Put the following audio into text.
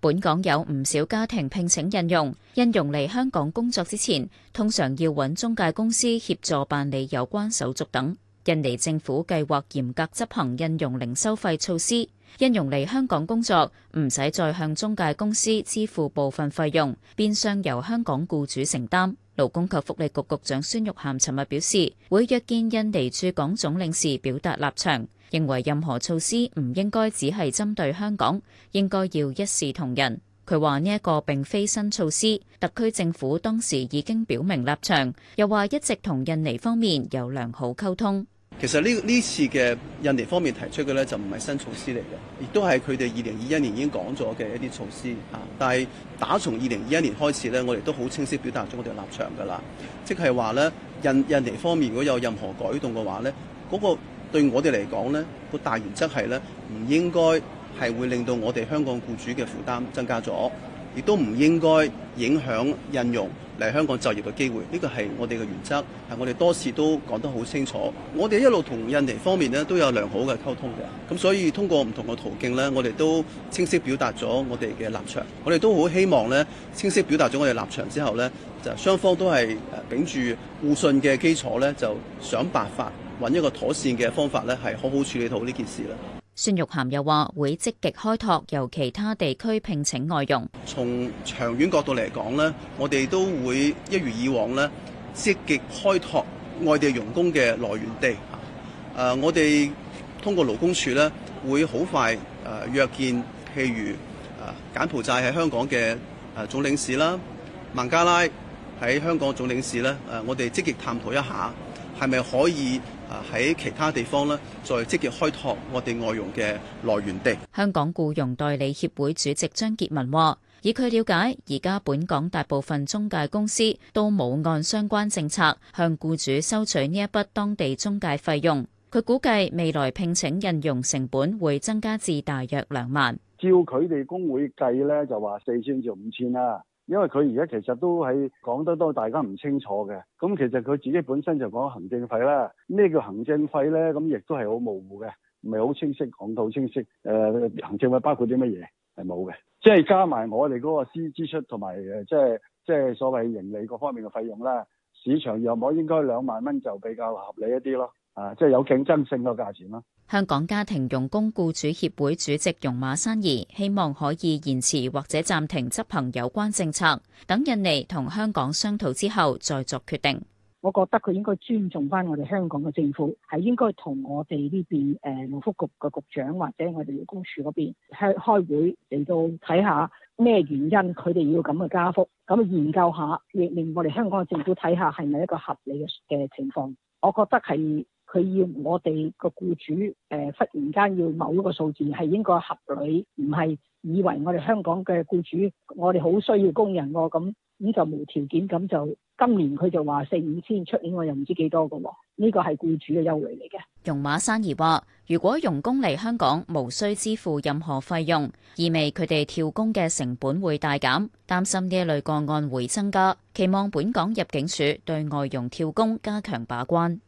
本港有唔少家庭聘請印傭，印傭嚟香港工作之前，通常要搵中介公司協助辦理有關手續等。印尼政府計劃嚴格執行印傭零收費措施，印傭嚟香港工作唔使再向中介公司支付部分費用，變相由香港僱主承擔。勞工及福利局局長孫玉菡尋日表示，會約見印尼駐港總領事表達立場。認為任何措施唔應該只係針對香港，應該要一視同仁。佢話呢一個並非新措施，特區政府當時已經表明立場，又話一直同印尼方面有良好溝通。其實呢呢次嘅印尼方面提出嘅呢，就唔係新措施嚟嘅，亦都係佢哋二零二一年已經講咗嘅一啲措施啊。但係打從二零二一年開始呢，我哋都好清晰表達咗我哋嘅立場噶啦，即係話呢，印印尼方面如果有任何改動嘅話呢，嗰、嗰個。對我哋嚟講呢個大原則係呢，唔應該係會令到我哋香港僱主嘅負擔增加咗，亦都唔應該影響印傭嚟香港就業嘅機會。呢個係我哋嘅原則，係我哋多次都講得好清楚。我哋一路同印尼方面呢都有良好嘅溝通嘅，咁所以通過唔同嘅途徑呢，我哋都清晰表達咗我哋嘅立場。我哋都好希望呢，清晰表達咗我哋立場之後呢，就雙方都係誒秉持互信嘅基礎呢，就想辦法。揾一個妥善嘅方法咧，係好好處理到呢件事啦。孫玉菡又話：會積極開拓由其他地區聘請外傭。從長遠角度嚟講咧，我哋都會一如以往咧，積極開拓外地傭工嘅來源地。啊，我哋通過勞工處咧，會好快誒約見，譬如啊，柬埔寨喺香港嘅啊總領事啦，孟加拉喺香港總領事咧，誒我哋積極探討一下。係咪可以啊？喺其他地方咧，再積極開拓我哋外傭嘅來源地。香港僱傭代理協會主席張傑文話，以佢了解，而家本港大部分中介公司都冇按相關政策向僱主收取呢一筆當地中介費用。佢估計未來聘請印傭成本會增加至大約兩萬。照佢哋公會計咧，就話四千至五千啦。因為佢而家其實都係講得多，大家唔清楚嘅。咁其實佢自己本身就講行政費啦，咩叫行政費咧？咁亦都係好模糊嘅，唔係好清晰講到好清晰。誒、呃，行政費包括啲乜嘢？係冇嘅，即係加埋我哋嗰個私支出同埋誒，即係即係所謂盈利各方面嘅費用啦。市場入面應該兩萬蚊就比較合理一啲咯。啊！即係有競爭性嘅價錢啦，啊。香港家庭傭工僱主協會主席容馬珊兒，希望可以延遲或者暫停執行有關政策，等印尼同香港商討之後再作決定。我覺得佢應該尊重翻我哋香港嘅政府，係應該同我哋呢邊誒勞福局嘅局長或者我哋勞工署嗰邊開會嚟到睇下咩原因佢哋要咁嘅加幅，咁研究一下，令令我哋香港嘅政府睇下係咪一個合理嘅嘅情況，我覺得係。佢要我哋個僱主誒，忽然間要某一個數字係應該合理，唔係以為我哋香港嘅僱主我哋好需要工人㗎，咁咁就無條件咁就今年佢就話四五千出年，咁我又唔知幾多噶。呢個係僱主嘅優惠嚟嘅。容馬生兒話，如果傭工嚟香港無需支付任何費用，意味佢哋跳工嘅成本會大減，擔心呢一類個案會增加，期望本港入境署對外傭跳工加強把關。